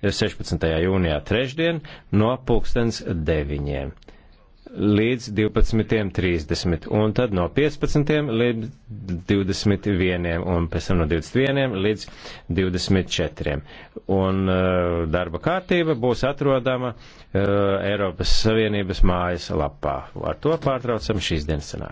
16. jūnijā trešdien no pulkstens 9. līdz 12.30 un tad no 15. līdz 21. un pēc tam no 21. līdz 24. Un uh, darba kārtība būs atrodama uh, Eiropas Savienības mājas lapā. Ar to pārtraucam šīs dienas sanāk.